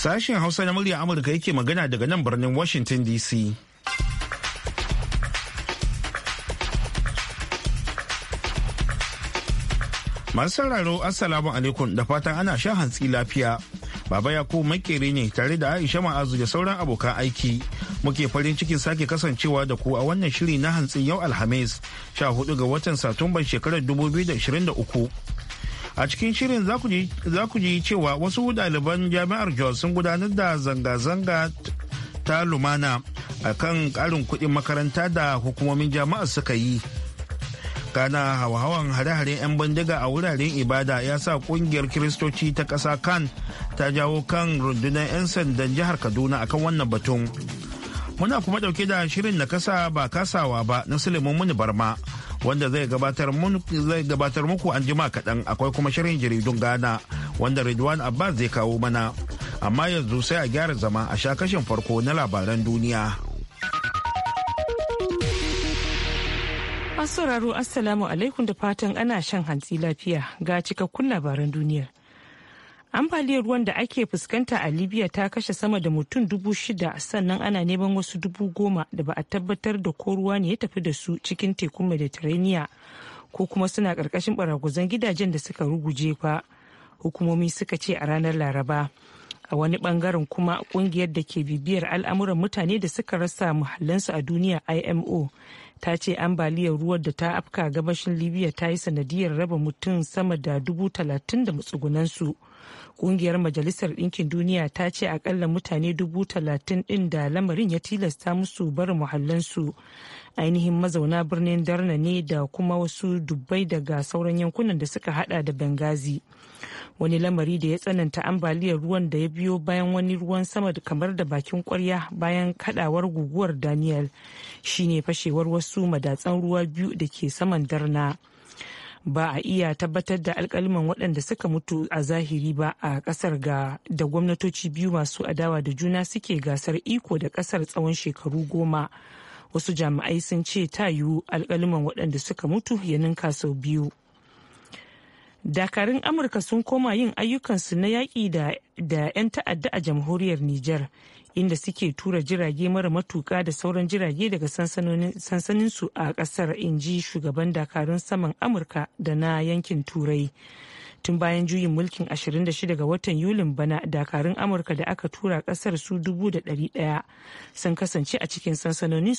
Sashen Hausa na murya Amurka yake magana daga nan birnin Washington DC. Masu sauraro Assalamu alaikum da fatan ana shan hantsi lafiya. Baba yakub makere ne tare da Aisha Ma'azu da sauran abokan aiki. Muke farin cikin sake kasancewa da ku a wannan shiri na hantsin yau Alhamis, 14 ga watan Satumban shekarar 2023. a cikin shirin za ku ji cewa wasu ɗaliban jami'ar jos sun gudanar da zanga-zanga ta lumana a kan ƙarin kuɗin makaranta da hukumomin jami'ar suka yi kana hawa-hawan hare-haren 'yan bindiga a wuraren ibada ya sa kungiyar kiristoci ta kasa kan ta jawo kan rundunar 'yan sandan jihar kaduna akan wannan batun muna kuma dauke da shirin na kasa ba kasawa ba na suleiman muni barma wanda zai gabatar zai gabatar muku an jima kaɗan akwai kuma shirin jaridun Ghana wanda Ridwan Abbas zai kawo mana. Amma yanzu sai a gyara zama a sha kashin farko na labaran duniya. Masu sauraro Assalamu alaikum da fatan ana shan hantsi lafiya ga cikakkun labaran duniyar. ambaliyar ruwan da ake fuskanta a libya ta kashe sama da mutum dubu shida sannan ana neman wasu dubu goma da ba a tabbatar da ko ruwa ne ya tafi da su cikin tekun mediterania ko kuma suna karkashin baraguzan gidajen da suka ruguje ba hukumomi suka ce a ranar laraba a wani bangaren kuma kungiyar da ke bibiyar al'amuran mutane da suka rasa muhallansu a duniya imo ta ce ambaliyar ruwan da ta afka gabashin libya ta yi sanadiyar raba mutum sama da dubu talatin da matsugunansu. Ƙungiyar Majalisar Ɗinkin Duniya ta ce akalla mutane dubu talatin ɗin da lamarin ya tilasta musu barin muhallansu. Ainihin mazauna birnin Darna ne da kuma wasu dubbai daga sauran yankunan da suka hada da bengazi Wani lamari da ya tsananta ambaliyar ruwan da ya biyo bayan wani ruwan sama kamar da bakin kwarya bayan kadawar guguwar Daniel shine fashewar wasu madatsan ruwa biyu da ke saman Darna. ba a iya tabbatar da alkaliman waɗanda suka mutu a zahiri ba a ƙasar ga da gwamnatoci biyu masu adawa da juna suke gasar iko da ƙasar tsawon shekaru goma wasu jami'ai sun ce ta yiwu alkaliman waɗanda suka mutu ya ninka sau biyu dakarun amurka sun koma yin ayyukansu na yaƙi da 'yan ta'adda a jamhuriyar niger inda suke tura jirage mara matuka da sauran jirage daga sansaninsu a kasar inji shugaban dakarun saman amurka da na yankin turai tun bayan juyin mulkin 26 ga watan yulin bana dakarun amurka da aka tura kasar su 1,100 sun kasance a cikin su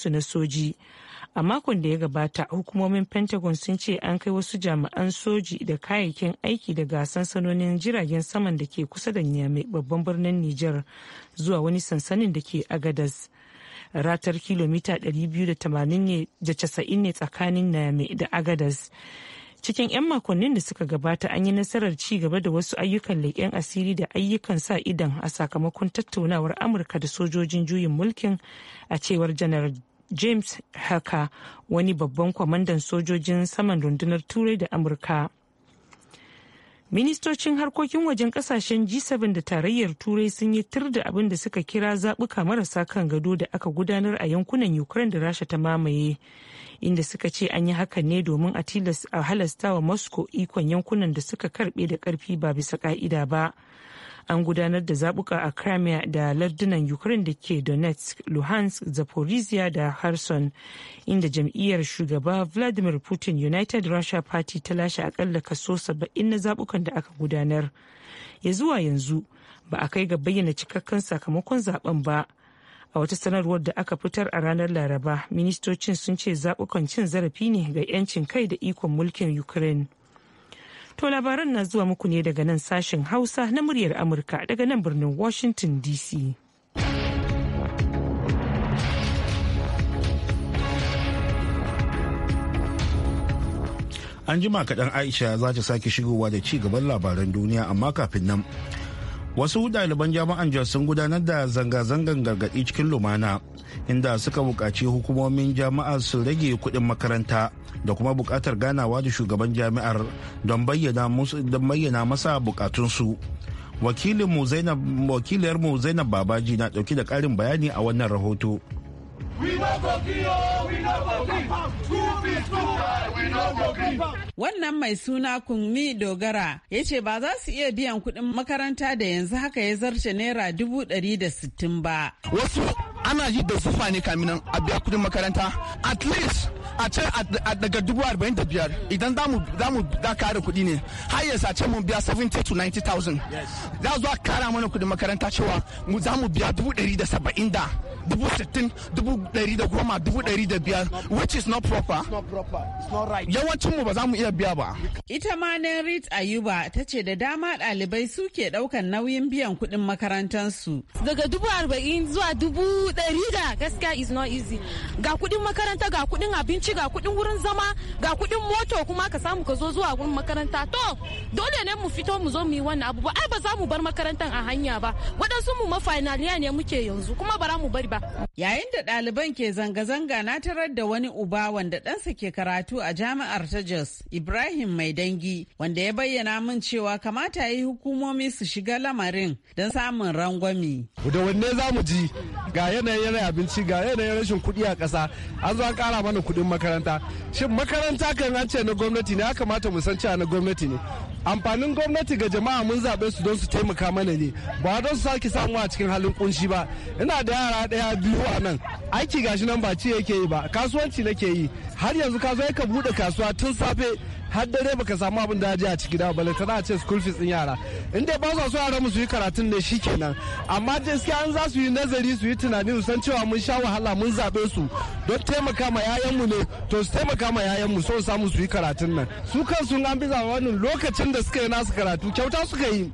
na soji a makon da ya gabata hukumomin pentagon sun ce an kai wasu jami'an soji da kayayyakin aiki daga sansanonin jiragen saman da ke kusa da niamey babban birnin niger zuwa wani sansanin da ke agadas ratar kilomita 280 ne tsakanin niamey da agadas cikin 'yan makonnin da suka gabata an yi nasarar ci gaba da wasu ayyukan leƙen asiri da ayyukan sa idan a sakamakon tattaunawar amurka da sojojin juyin mulkin a cewar janar james haka wani babban kwamandan sojojin saman rundunar turai da amurka ministocin harkokin wajen kasashen g7 da tarayyar turai sun yi tur da abin da suka kira zaɓuka marasa kan gado da aka gudanar a yankunan ukraine da rasha ta mamaye inda suka ce an yi hakan ne domin a halasta wa moscow ikon yankunan da suka karbe da ƙarfi ba bisa ƙa'ida ba an gudanar da zabuka a crimea da lardunan ukraine da ke donetsk luhansk zaporizhia da kherson inda jam'iyyar shugaba vladimir putin united russia party ta lashe akalla kaso 70 na zabukan da aka gudanar ya zuwa yanzu ba a kai ga bayyana cikakken sakamakon zaben ba a wata sanarwar da aka fitar a ranar laraba ministocin sun ce zaɓukan cin zarafi ne ga 'yancin kai da ikon mulkin ukraine To labaran na zuwa muku ne daga nan sashen Hausa na muryar Amurka daga nan birnin Washington DC. An jima kaɗan Aisha za ta sake shigowa da ci gaban labaran duniya amma kafin nan wasu ɗaliban jami'an jos sun gudanar da zanga-zangan gargaɗi cikin lumana inda suka buƙaci hukumomin jami'a su rage kuɗin makaranta da kuma buƙatar ganawa da shugaban jami'ar don bayyana masa buƙatunsu wakiliyarmu zainab babaji na ɗauki da ƙarin bayani a wannan rahoto Wannan mai suna Kunmi Dogara ya ce ba za su iya biyan kuɗin makaranta da yanzu haka ya zarce naira dubu ɗari da sittin ba. Wasu ana yi da zufa ne kaminan a biya kuɗin makaranta. At least a ce daga dubu arba'in da biyar idan za mu da kare kuɗi ne har ya ce mu biya 70 to 90,000 thousand. Za zuwa kara mana kuɗin makaranta cewa mu za mu biya dubu ɗari da saba'in da dubu sittin dubu ɗari da goma dubu ɗari da biyar which is not proper yawancin mu ba za mu iya biya ba ita ma Nerit Ayuba ta ce da dama ɗalibai suke ɗaukan nauyin biyan kuɗin makarantarsu. daga dubu arba'in zuwa dubu ɗari da gaskiya is not easy ga kuɗin makaranta ga kuɗin abinci ga kuɗin wurin zama ga kuɗin moto kuma ka samu ka zo zuwa wurin makaranta to dole ne mu fito mu zo mu yi wannan abu ba ai ba za mu bar makarantar a hanya ba waɗansu mu mafinaliya ne muke yanzu kuma bara mu bari ba Yayin da ɗaliban ke zanga-zanga na tarar da wani uba wanda ɗansa ke karatu a jami'ar ta Jos, Ibrahim Mai Dangi, wanda ya bayyana min cewa kamata yi hukumomi su shiga lamarin don samun rangwami. Da wanne za mu ji ga yanayin yanayin abinci ga yanayin rashin kuɗi a ƙasa, an zo an ƙara mana kuɗin makaranta. Shin makaranta kan an ce na gwamnati ne ya kamata mu san cewa na gwamnati ne. Amfanin gwamnati ga jama'a mun zaɓe su don su taimaka mana ne, ba don su sake samu a cikin halin kunshi ba. Ina da yara ɗaya daya biyu a nan aiki gashi nan ba ci yake yi ba kasuwanci nake yi har yanzu ka zo ka buɗe kasuwa tun safe har dare baka samu abin da aje a ciki da balle tana ce school fees din yara in dai ba su so yara su yi karatun ne kenan amma gaskiya an za su yi nazari su yi tunani su san cewa mun sha wahala mun zabe su don taimaka ma yayanmu ne to su taimaka ma yayanmu so samu su yi karatun nan su kan sun an bi wannan lokacin da suka yi nasu karatu kyauta suka yi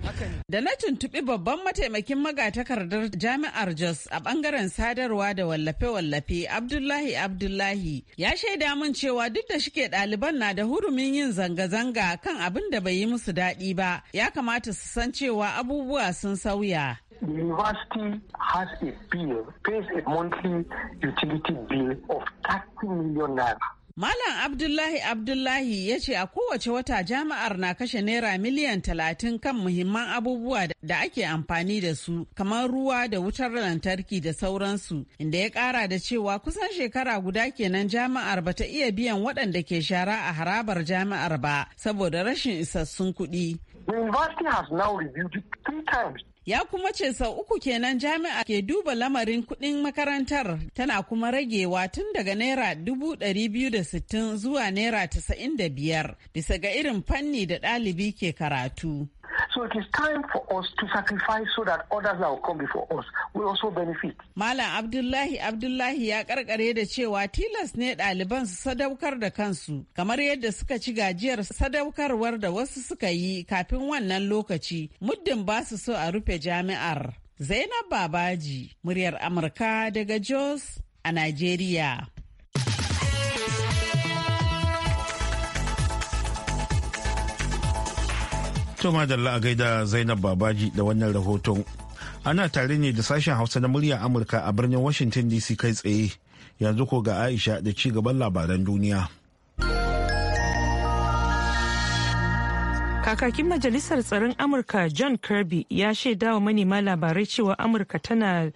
da na tuntubi babban mataimakin magatakardar jami'ar Jos a bangaren sadarwa da wallafe-wallafe Abdullahi Abdullahi ya shaida min cewa duk da shike ɗaliban na da hurumin yin yin zanga-zanga kan abin da bai yi musu daɗi ba ya kamata su san cewa abubuwa sun sauya. The university has a bill, pays a monthly utility bill of 30 million naira. Malam Abdullahi Abdullahi ya ce a kowace wata jami'ar na kashe naira miliyan talatin kan muhimman abubuwa da ake amfani da su kamar ruwa da wutar lantarki da sauransu inda ya kara da cewa kusan shekara guda kenan jami'ar bata iya biyan waɗanda ke shara a harabar jami'ar ba saboda rashin isassun kuɗi. The university has now reviewed it three times ya kuma ce sau uku kenan jami'a ke duba lamarin kuɗin makarantar tana kuma ragewa tun daga naira dubu ɗari biyu da sittin zuwa naira tasa'in da biyar bisa ga irin fanni da ɗalibi ke karatu So it is time for us to sacrifice so that others that will come before us will also benefit. Malam Abdullahi Abdullahi ya karkare da cewa tilas ne ɗaliban su sadaukar da kansu kamar yadda suka ci gajiyar sadaukarwar da wasu suka yi kafin wannan lokaci muddin ba su so a rufe jami'ar. Zainab Babaji, muryar Amurka daga Jos a Najeriya. To madalla a gaida Zainab Babaji da wannan rahoton. Ana tare ne da sashen Hausa na murya Amurka a birnin Washington DC kai tsaye. Yanzu ko ga Aisha da ci gaban labaran duniya. Kakakin Majalisar Tsaron Amurka John Kirby ya shaida wa manema labarai cewa Amurka tana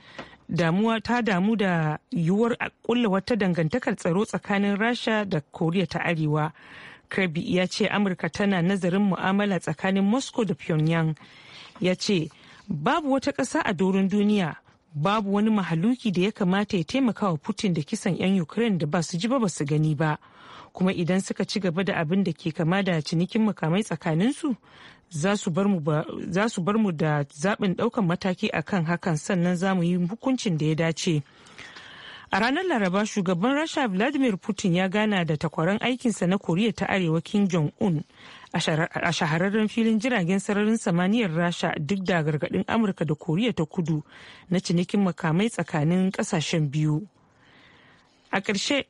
damuwa ta damu da yiwuwar kulla wata dangantakar tsaro tsakanin Rasha da Koriya ta Arewa. kirby ya ce amurka tana nazarin mu'amala tsakanin moscow da pyongyang ya ce babu wata ƙasa a doron duniya babu wani mahaluki da ya kamata ya taimaka wa putin da kisan 'yan ukraine da ba su ji ba ba su gani ba kuma idan suka ci gaba da abin da ke kama da cinikin makamai tsakaninsu za su bar mu da zaɓin ɗaukan mataki akan hakan sannan za mu yi hukuncin da ya dace. A ranar Laraba shugaban Rasha Vladimir Putin ya gana da takwaran aikinsa na Koriya ta Arewa Kim Jong-un a shahararren filin jiragen sararin samaniyar Rasha duk da gargadin Amurka da Koriya ta Kudu na cinikin makamai tsakanin kasashen biyu. A ƙarshe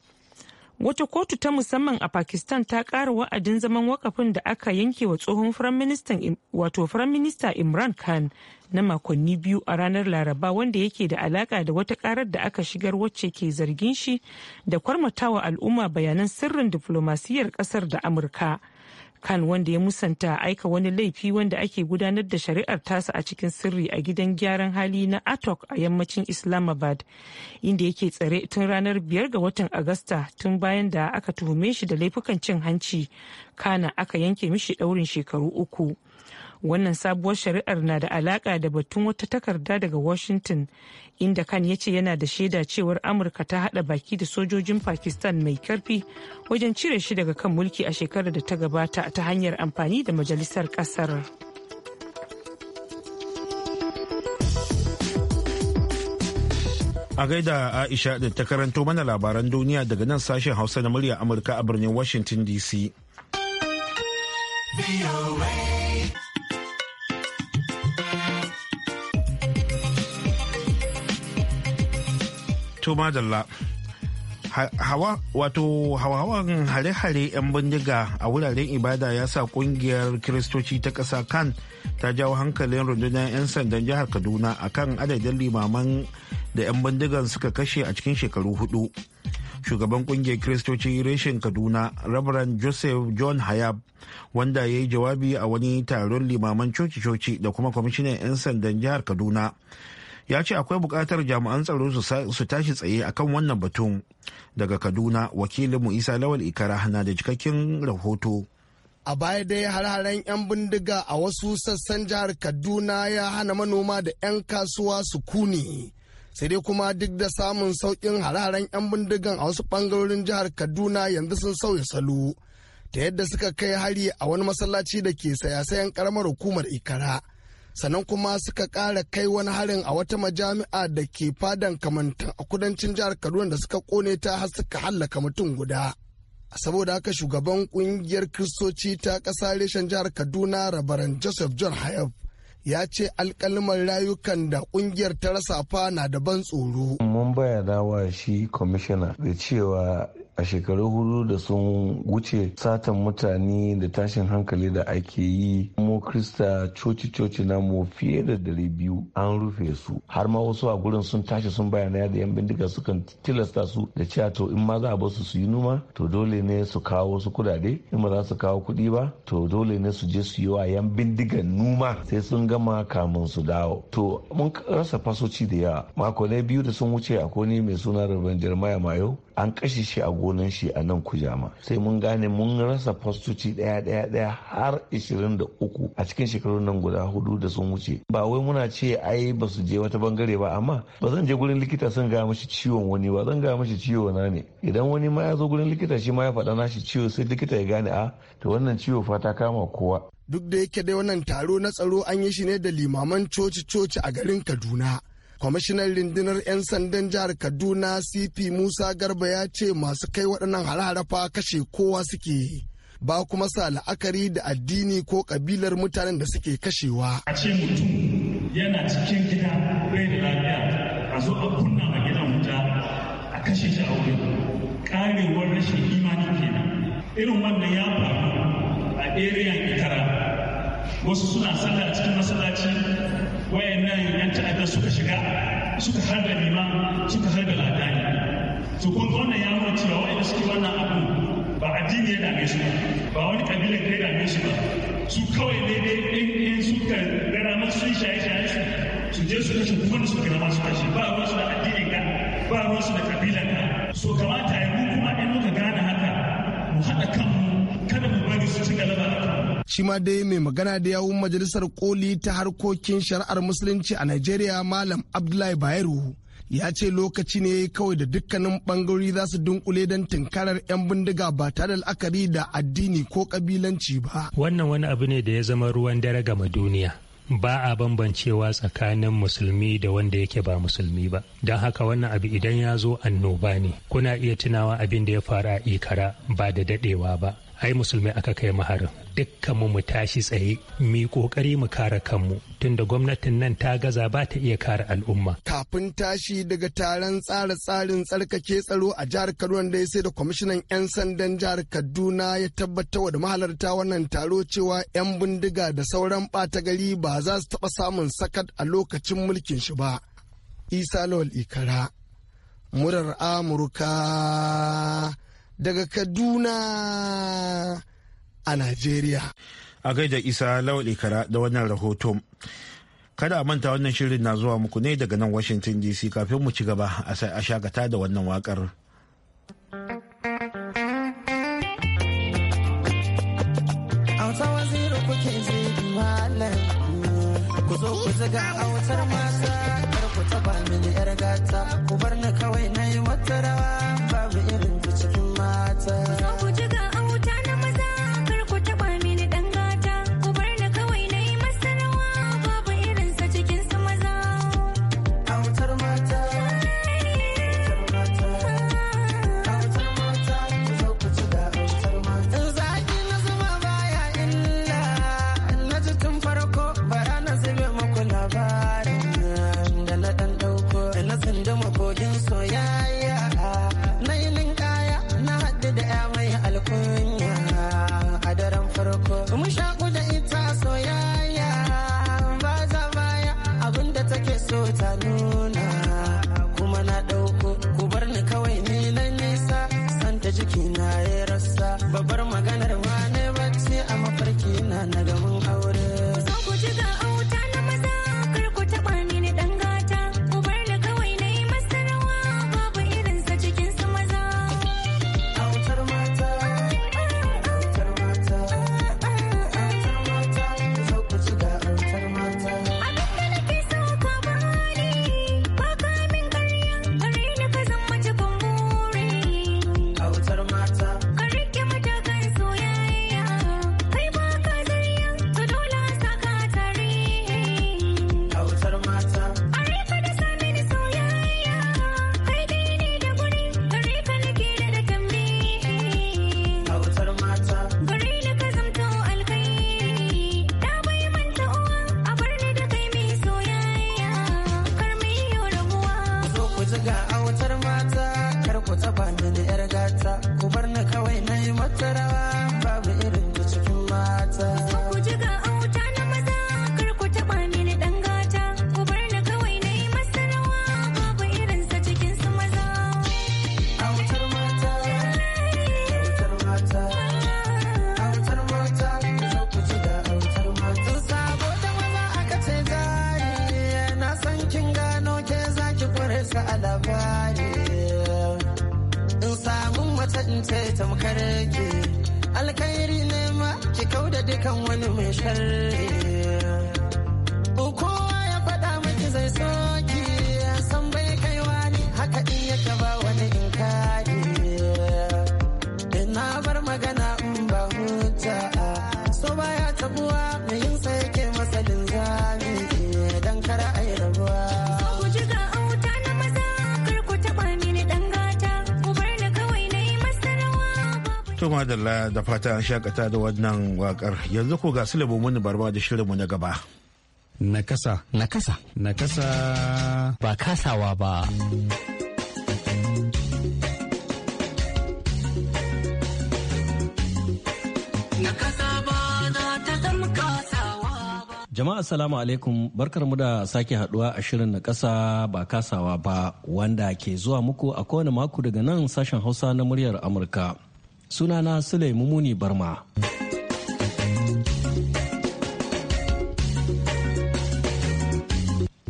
wata kotu ta musamman a pakistan ta ƙara wa'adin zaman wakafin da aka yanke wa tsohon wato firaminista imran khan na makonni biyu a ranar laraba wanda yake da alaƙa da wata ƙarar da aka shigar wacce ke zargin shi da kwarmatawa al'umma bayanan sirrin diflomasiyyar ƙasar da amurka kan wanda ya musanta aika wani laifi wanda ake gudanar da shari'ar tasa a cikin sirri a gidan gyaran hali na atok a yammacin islamabad inda yake tsare tun ranar biyar ga watan agusta tun bayan da aka tuhume shi da laifukan cin hanci kana aka yanke mishi daurin shekaru uku wannan sabuwar shari'ar na da alaka da batun wata takarda daga washington inda kan ya ce yana da shaida cewar amurka ta hada baki da sojojin pakistan mai karfi wajen cire shi daga kan mulki a shekarar da ta gabata ta hanyar amfani da majalisar kasar a gaida aisha da ta karanto mana labaran duniya daga nan sashen hausa na murya amurka a birnin washington dc to madalla hawa wato hawan hare-hare 'yan bindiga a wuraren ibada ya sa kungiyar kiristoci ta ƙasa kan ta jawo hankalin rundunar 'yan sandan jihar kaduna akan adadin limaman da 'yan bindigan suka kashe a cikin shekaru hudu shugaban kungiyar kiristoci reshen kaduna reverend joseph john hayab wanda ya yi jawabi a wani taron limaman coci-coci da kuma kwamishinan 'yan sandan jihar kaduna ya ce akwai bukatar jami'an tsaro su tashi tsaye akan wannan batun daga kaduna wakilinmu isa lawal ikara na da cikakken rahoto a baya dai har-haren 'yan bindiga a wasu sassan jihar kaduna ya hana manoma da 'yan kasuwa su kuni sai dai kuma duk da samun sauƙin har-haren 'yan bindigan a wasu ɓangarorin jihar kaduna yanzu sun sauya salo ta yadda suka kai hari a wani masallaci da ke sayasayan karamar hukumar ikara sannan kuma suka ƙara kai wani harin a wata majami'a da ke fadan kamantan a kudancin jihar kaduna da suka kone ta har suka hallaka mutum guda saboda haka shugaban kungiyar kristoci ta ƙasa reshen jihar kaduna rabaran joseph john hayab ya ce alkalmar rayukan da kungiyar ta rasa fa na da ban tsoro. Mun bayyana wa shi kwamishina da cewa a shekaru hudu da sun wuce satan mutane da tashin hankali da ake yi mu krista coci-coci mu fiye da dare biyu an rufe su har ma wasu a gurin sun tashi sun bayyana da yan bindiga sukan tilasta su da cewa to in ma za a basu su yi noma to dole ne su kawo wasu kudade in ba za su kawo kudi ba to dole ne su je su yi wa yan bindigan numa sai sun gama kamun su dawo to mun rasa fasoci da yawa mako na biyu da sun wuce a ne mai suna rabin ma mayo an kashe shi a gonan shi a nan kujama sai mun gane mun rasa fastoci daya daya daya har 23 a cikin shekarun nan guda hudu da sun wuce ba wai muna ce ai ba su je wata bangare ba amma ba zan je gurin likita sun ga mashi ciwon wani ba zan ga mashi ciwo na ne idan wani ma ya zo gurin likita shi ma ya faɗa nashi ciwo sai likita ya gane a ah, to wannan ciwo fa ta kama kowa duk da yake dai wannan taro na tsaro an yi shi ne da limaman coci-coci a garin kaduna kwamishinan rundunar 'yan sandan jihar kaduna cp musa garba ya ce masu kai waɗannan hare fa kashe kowa suke ba kuma sa la'akari da addini ko kabilar mutanen da suke kashewa a ce mutum yana cikin gida bai da lafiya a zo a kunna a gidan wuta a kashe shi a karewar rashin imani kenan irin wannan ya faru a area itara wasu suna sallah cikin masallaci wayannan yan ta'adda suka shiga suka harba liman suka harba ladani to kun ga wannan ya nuna cewa wayanda suke wannan abu ba addini ya dame su ba wani kabila kai dame su ba su kawai ne dai in suka gara masu sun shaye shaye su su je su kashe kuma su gara masu kashe ba ruwan su da addini ka ba ruwan su da kabila ka so kamata ya mu kuma in muka gane haka mu haɗa kanmu kada mu bari su ci galaba a shi ma dai mai magana da yawun majalisar koli ta harkokin shari'ar musulunci a Najeriya Malam Abdullahi Bayero ya ce lokaci ne kawai da dukkanin bangarori za su dunkule don tunkarar 'yan bindiga ba tare da la'akari da addini ko kabilanci ba. Wannan wani abu ne da ya zama ruwan dare gama duniya. Ba a bambancewa tsakanin musulmi da wanda yake ba musulmi ba. Don haka wannan abu idan ya zo annoba ne. Kuna iya tunawa abin da ya faru a ikara ba da dadewa ba. ai musulmai aka kai mu maharin dukkanmu mu tashi tsaye mu yi kokari mu kare kanmu tunda gwamnatin nan ta gaza ba ta iya kare al'umma kafin tashi daga taron tsara tsarin tsarkake tsaro a jihar Kaduna da sai da kwamishinan 'yan sandan jihar Kaduna ya tabbatar da mahalarta wannan taro cewa 'yan bindiga da sauran ɓata gari ba za su taɓa samun sakat a lokacin mulkin shi ba isa lawal ikara murar amurka daga kaduna a najeriya a gaida isa lawali Kara da wannan rahoton kada a manta wannan shirin na zuwa muku ne daga nan washington dc kafin mu ci gaba a shagata da wannan wakar. ku zo ku a wutar mata kar ku taba mini yar gata ku bar ni kawai na yi wata rawa babu irin time. To madalla da fata an shakata da wannan wakar yanzu ko ga silabo mun barba da shirinmu na gaba. Nakasa. Nakasa. Nakasa. Ba kasawa ba. Jama'a salamu alaikum barkarmu da sake haduwa a shirin na kasa ba kasawa ba wanda ke zuwa muku a kowane mako daga nan sashen hausa na muryar Amurka. sunana Sulaimu Muni Barma.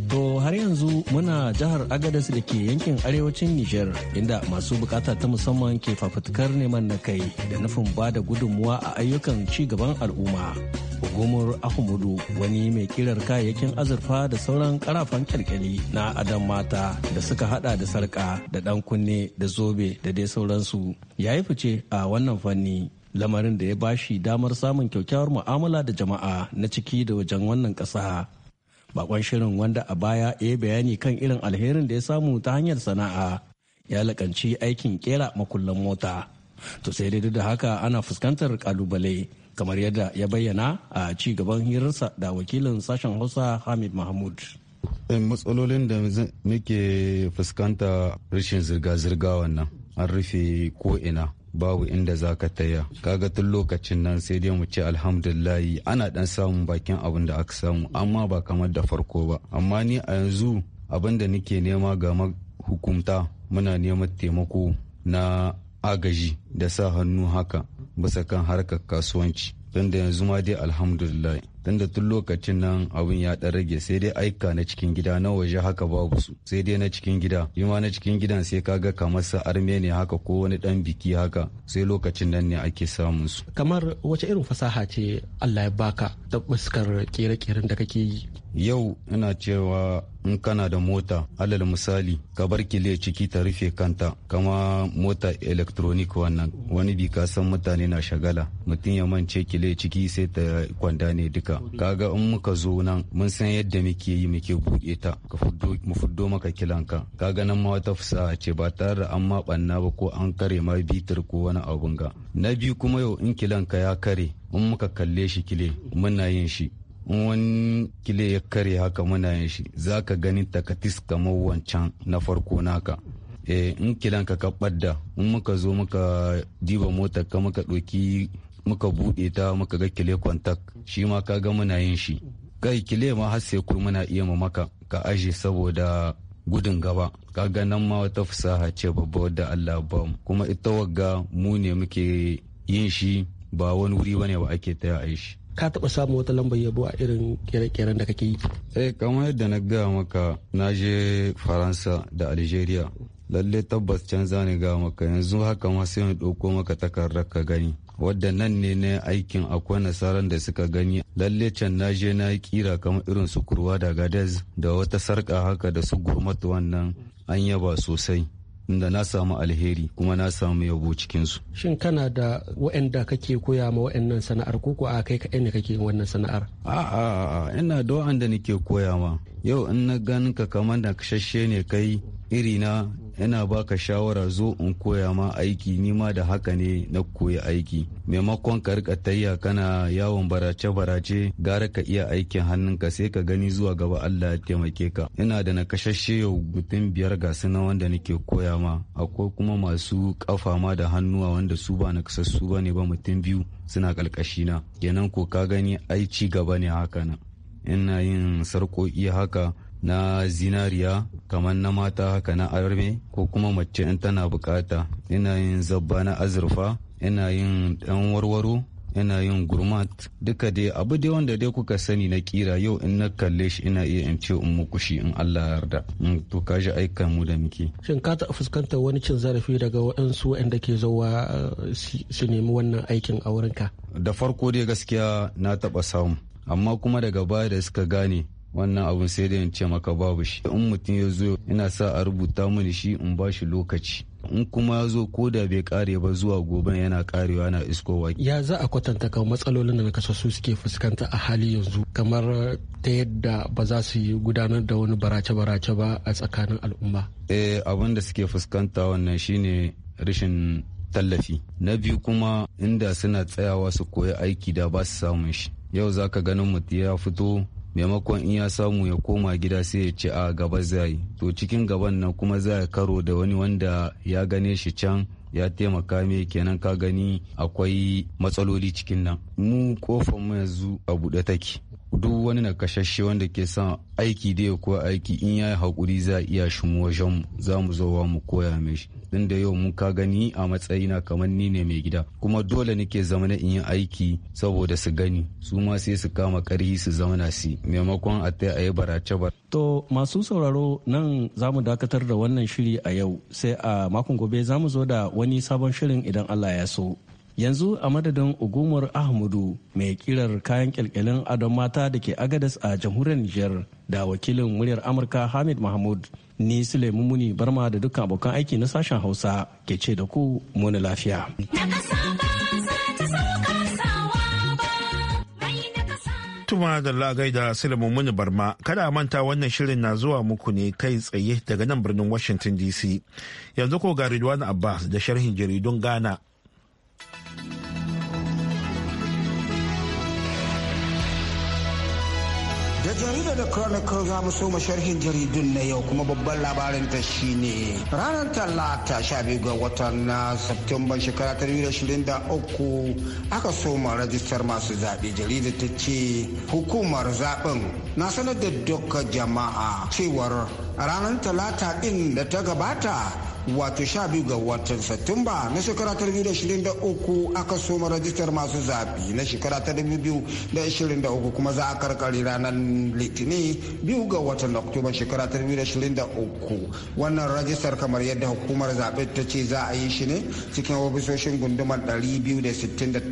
to har yanzu muna jihar agadas da ke yankin arewacin niger inda masu bukata ta musamman ke fafutukar neman na kai da nufin ba da gudunmuwa a ayyukan ci gaban al'umma gomar Ahmadu wani mai kirar kayayyakin azurfa da sauran karafan kyalkyali na adam mata da suka hada da sarka da dan kunne da zobe da dai sauransu ya yi fice a wannan fanni lamarin da ya bashi damar samun kyaukyawar mu'amala da jama'a na ciki da wajen wannan ƙasa bakon shirin wanda a baya ya bayani kan irin alherin da ya samu ta hanyar sana'a ya lakanci aikin kera makullan mota to sai dai da haka ana fuskantar kalubale kamar yadda ya bayyana a ci gaban hirarsa da wakilin sashen hausa hamid mahmud eh, matsalolin da muke fuskanta rashin zirga-zirga wannan an rufe ko'ina babu inda za ka taya kaga tun lokacin nan sai dai mu ce alhamdulillahi ana dan samun bakin abin da aka samu amma ba kamar da farko ba amma ni a yanzu abin da nake nema ga hukumta muna neman taimako na agaji da sa hannu haka bisa kan harkar kasuwanci don da yanzu ma dai alhamdulillah don da tun lokacin nan abin ya dan rage sai dai aika na cikin gida na waje haka babu su sai dai na cikin gida yi na cikin gidan sai kaga kamar sa arme ne haka ko wani dan biki haka sai lokacin nan ne ake samun su kamar wace irin fasaha ce Allah ya baka ta fuskar kere-keren da kake yi yau ina cewa in kana da mota alal misali ka bar kile ciki ta rufe kanta kama mota electronic wannan wani bi ka san mutane na shagala mutum ya mance kile ciki sai ta kwanda ne duka kaga in muka zo nan mun san yadda muke yi muke buɗe ta ka fuddo mu fuddo maka kilanka kaga nan ma wata fusa ce ba tare da an ma banna ba ko an kare ma bitir ko wani abun ga na biyu kuma yau in kilanka ya kare in muka kalle shi kile muna yin shi wani kile ya kare haka muna yin shi za ka gani takatis kamar wancan na farko naka eh, in kilan ka kabar da in muka zo muka diba motar ka muka doki muka buɗe ta muka ga kile kwantak shi ma ka ga muna yin shi kai kile ma har sai ku muna iya mu maka ka aje saboda gudun gaba ka ga nan ma wata fasaha ce babba wadda Allah ba kuma ita wagga mu ne muke yin shi ba wani wuri bane ba ake taya a yi shi ka taba samun wata lambar yabo a irin kere-keren da kake yi? Eh, kamar yadda na gaya maka na je Faransa da Algeria. Lalle tabbas canza ne ga maka yanzu haka ma sai in ɗauko maka takardar ka gani. Wadda nan ne na aikin akwai nasarar da suka gani. Lalle can na je na yi kira kamar irin su kurwa da gadez da wata sarka haka da su gurmatu wannan an yaba sosai. inda na samu alheri kuma na samu yabo cikin su shin kana da wa'anda kake koya ma wa'annan sana'ar ko ko a kai ka ne kake wannan sana'ar A'a, ina da wa'anda nake koya ma yau in na ganin ka kamar da kashashe ne kai iri na yana baka shawara zo in koya ma aiki nima da haka ne na koya aiki maimakon ka rika tayya kana yawon barace barace gara ka iya aikin hannunka sai ka gani zuwa gaba Allah ya taimake ka ina da na kashashe yau mutum biyar ga na wanda nake koya ma akwai kuma masu kafa ma da hannuwa wanda su ba na kasassu ba ne ba mutum biyu suna kalkashina kenan ko ka gani ai ci gaba ne haka nan ina yin sarƙoƙi haka na zinariya kamar na mata haka na arme ko kuma mace in tana bukata ina yin zabba na azurfa ina yin ɗan warwaro ina yin gurmat duka dai abu dai wanda dai kuka sani na kira yau in na kalle shi ina iya in ce in muku shi in Allah ya yarda in mm, to ka ji aika mu da muke shin ka ta fuskantar wani cin zarafi daga waɗansu waɗanda ke zuwa eh, su nemi wannan aikin a wurinka da farko dai gaskiya na taɓa samu amma kuma daga baya da suka gane wannan abun sai da ce maka babu shi in mutum ya zo ina sa a rubuta mini shi in ba shi lokaci in kuma ya zo ko da bai kare ba zuwa goben yana karewa na iskowa ya za a kwatanta kan matsalolin da su suke fuskanta a hali yanzu kamar ta yadda ba za su yi gudanar da wani barace-barace ba a tsakanin al'umma eh abin da suke fuskanta wannan shine rashin tallafi na biyu kuma inda suna tsayawa su koyi aiki da ba su samun shi yau za ka ganin mutum ya fito maimakon in ya samu ya koma gida sai ya ce a gaba zai to cikin gaban nan kuma zai karo da wani wanda ya gane shi can ya taimaka me kenan ka gani akwai matsaloli cikin nan mu kofar mu yanzu a buɗe take duk wani na kashashe wanda ke son aiki da ya koya aiki in ya yi haƙuri za a iya shi wajen za mu zo mu koya shi din da yau mun ka gani a matsayi na kamar ni ne mai gida kuma dole nake zamana in yi aiki saboda su gani su ma sai su kama karhi su zamana si maimakon a ta yi barace bar. to masu sauraro nan za mu dakatar da wannan shiri a yau sai a makon gobe za mu zo da wani sabon shirin idan allah ya so yanzu a madadin ugumar ahmadu mai kirar kayan kyalkyalin adon mata da ke agadas a jamhuriyar niger da wakilin muryar amurka hamid mahmud ni sulaimu muni barma da dukkan abokan aiki na sashen hausa ke ce da ku muni lafiya Tuma da lagai da Sulaiman Muni Barma kada manta wannan shirin na zuwa muku ne kai tsaye daga nan birnin Washington DC. Yanzu ko ga Ridwan Abbas da sharhin jaridun Ghana Da jaridar da Chronicle za mu soma sharhin jaridun na yau kuma babban labarin ta shine ranar talata sha biyu ga watan na Satumban shekara ta da shirin da uku aka soma rajistar masu zaɓe jaridar ta ce hukumar zaɓen na sanar da duka jama'a cewar ranar talata ɗin da ta gabata wato 12 ga watan satumba na shekara ta 2023 aka soma rajistar masu zaɓi na shekara ta 2023 kuma za a karkare ranar litinin biyu ga watan oktoba shekara ta 2023 wannan rajistar kamar yadda hukumar zaɓe ta ce za a yi shi ne cikin ofisoshin gundumar 268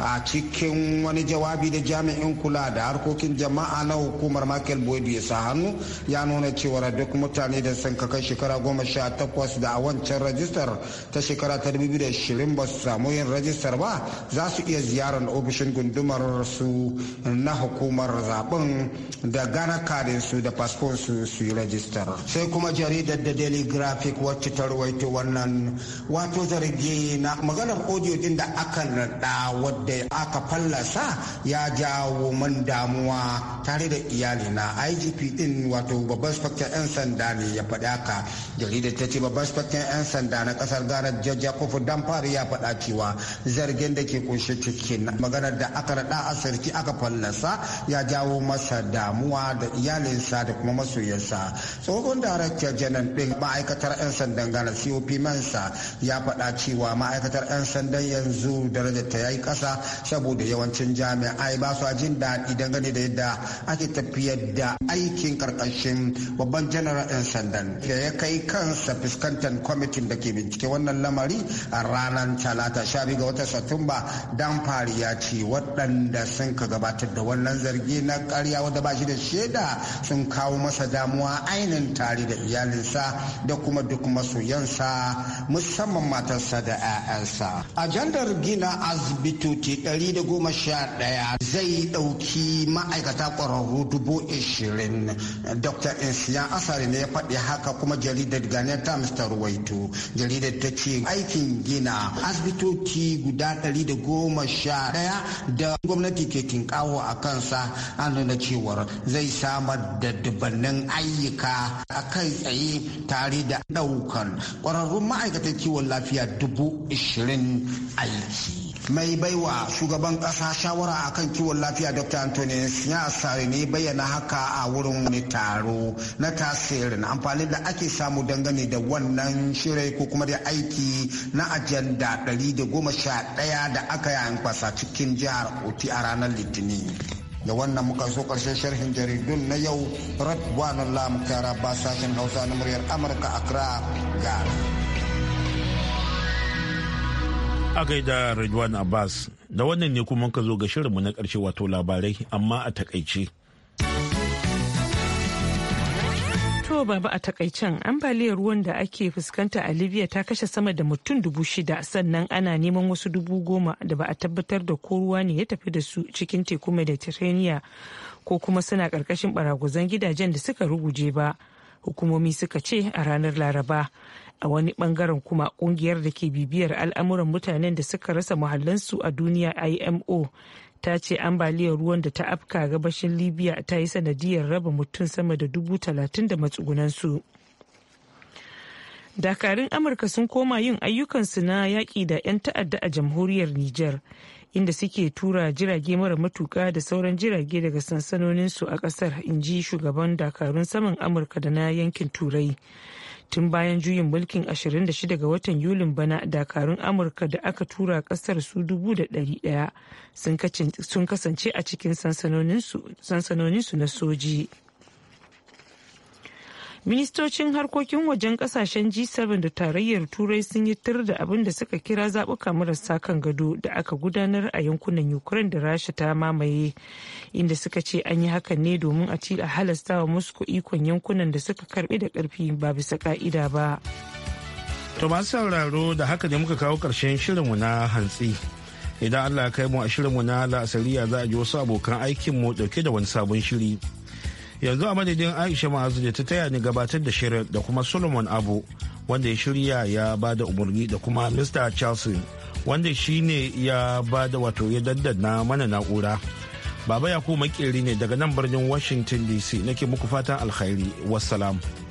a cikin wani jawabi da jami'in kula da harkokin jama'a na hukumar michael boyd ya sa hannu ya nuna cewa duk mutane da sun kakai shekara goma sha takwas da a wancan rajistar ta shekara ta 2020 ba su samu yin rajistar ba za su iya ziyarar ofishin gundumar su na hukumar zaben da gana karin su da fasfon su yi rajistar sai kuma jaridar da daily graphic wacce ta ruwaito wannan wato zargi na maganar audio din da aka naɗa wadda aka fallasa ya jawo man damuwa tare da iyali iyalina igp din wato babban spectre 'yan sanda ne ya faɗa ka jaridar ta ce babban inspector 'yan sanda na kasar ghana jaja kufu damfari ya faɗa cewa zargin da ke kunshe cikin maganar da aka raɗa a sarki aka fallasa ya jawo masa damuwa da iyalinsa da kuma masoyansa tsohon darakta janar ɗin ma'aikatar 'yan sandan ghana cop mansa ya faɗa cewa ma'aikatar 'yan sandan yanzu darajar ta yayi kasa saboda yawancin jami'ai ba su jin daɗi dangane da yadda ake tafiyar da aikin karkashin babban janar 'yan sandan da ya kai kansa fuskantar rahoton kwamitin da ke bincike wannan lamari a ranar talata sha biyu ga watan satumba dan fari ya ce waɗanda sun ka gabatar da wannan zargi na karya wadda ba shi da shaida sun kawo masa damuwa ainihin tare da iyalinsa da kuma duk masu masoyansa musamman matarsa da 'ya'yansa. ajandar gina asibitoci 111 zai ɗauki ma'aikata ƙwararru dubu ishirin dr insiyan asari ne ya faɗi haka kuma jaridar ghanaian times ta ruwaito jaridar ta ce aikin gina asibitoci guda ɗari da goma sha ɗaya da gwamnati ke kinkawo a kansa an nuna cewar zai samar da dubannin ayyuka a kai tsaye tare da ɗaukar ƙwararrun ma'aikatan kiwon lafiya dubu ishirin aiki mai baiwa shugaban kasa shawara a kan kiwon lafiya dr anthony ya asare ne bayyana haka a wurin wani taro na tasirin amfani da ake samu dangane da wannan shirai ko kuma da aiki na ajanda 111 da aka yi a cikin jihar oti a ranar litinin da wannan muka so karshen sharhin jaridun na yau radwan lamkara ba sashen hausa na muryar amurka accra ghana a da Ridwan Abbas da wannan ne kuma ka zo ga shirinmu na ƙarshe wato labarai amma a takaice. To baba a takaicen ambaliyar ruwan da ake fuskanta a Libya ta kashe sama da mutum dubu shida sannan ana neman wasu dubu goma da ba a tabbatar da ko ruwa ne ya tafi da su cikin teku Mediterranean ko kuma suna ƙarƙashin baraguzan gidajen da suka ruguje ba. Hukumomi suka ce a ranar Laraba. a wani bangaren kuma kungiyar da ke bibiyar al'amuran mutanen da suka rasa muhallansu a duniya imo ta ce ambaliyar ruwan da ta afka gabashin libya ta yi sanadiyar raba mutum sama da dubu talatin da matsugunansu dakarun amurka sun koma yin ayyukansu na yaƙi da 'yan ta'adda a jamhuriyar niger inda suke tura jirage mara matuka da sauran jirage daga sansanoninsu a ƙasar inji shugaban dakarun saman amurka da na yankin turai tun bayan juyin mulkin 26 ga watan yulin bana dakarun amurka da aka tura kasar su dubu da sun kasance a cikin sansanoninsu na soji. ministocin harkokin wajen kasashen g7 da tarayyar turai sun yi tir da abin da suka kira zaɓuka marasa kan gado da aka gudanar a yankunan ukraine da rasha ta mamaye inda suka ce an yi hakan ne domin a ci a halasta wa moscow ikon yankunan da suka karɓi da karfi ba bisa ka'ida ba to masu sauraro da haka ne muka kawo karshen shirinmu na hantsi idan allah ya kai mu a shirinmu na la'asariya za a ji wasu abokan aikinmu dauke da wani sabon shiri yanzu a madadin aisha ma'azu da ta taya ni gabatar da shirin da kuma solomon abu wanda ya shirya ya ba da umarni da kuma mr charleston wanda shi ne ya ba da wato ya daddana mana na'ura baba yakubu makeri ne daga nan birnin washington dc nake muku fatan alkhairi wasalam.